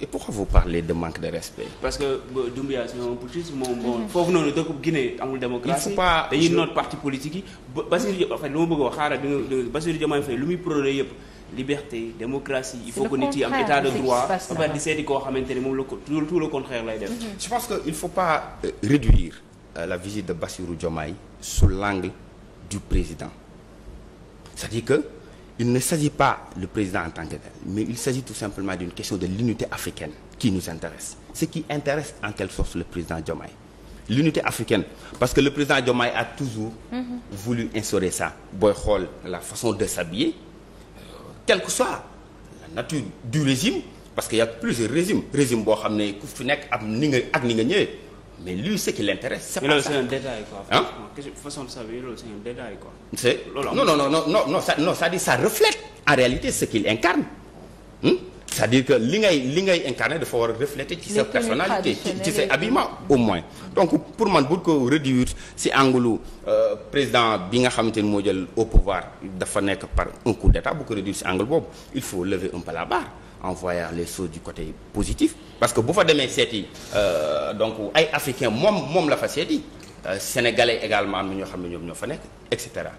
et pourquoi vous parlez de manque de respect. parce que Doumbouya c'est un putschiste moom bon foofu noonu dëkk Guinée amul démocratie. il faut pas politique yi. ba Bassirou lu ma bëgg a wax xaaral di nga Bassirou Diomaye Faye lu muy prôné yëpp liberté démocratie. il faut que nit yi am état de droit. c'est le di seeti koo xamante ne moom la ko tout le contraire lay def. Mm-hmm. je pense que il faut pas euh, réduire euh, la visite de Bassirou Diomaye sous l'angle du président c'est-à-dire que. il ne s'agit pas le président en tant que tel mais il s'agit tout simplement d'une question de l'unité africaine qui nous intéresse ce qui intéresse en quelque sorte le président Diomaye l'unité africaine parce que le président Diomaye a toujours mm -hmm. voulu instaurer ça booy xool la façon de s'habiller euh, quelle que soit la nature du régime parce que y a plusieurs régimes régime boo xam ne ku fi nekk am ni nga ak ni nga ñëwee mais lui ce qui l'intéresse c'est pas ça c'est un détail quoi. ah façon de savoir loolu c'est un non non non non non ça non c'est-à-dire ça reflète en réalité ce incarne. Hmm? cest dire que li ngay li ngay incarner dafa war a refléter ci sa personnalité ci ci sa habillement au moins donc pour man bu ko réduire si angulu euh, président bi nga xamante ni moo jël au pouvoir dafa nekk par un coup d'état bu ko réduire si angle boobu il faut lever un peu la barre envoyer les choses du côté positif parce que bu fa demee seeti euh, donc ay africain moom moom la fa seeti euh, sénégalais également am ñoo xam ne ñoom ñoo fa nekk et cetera.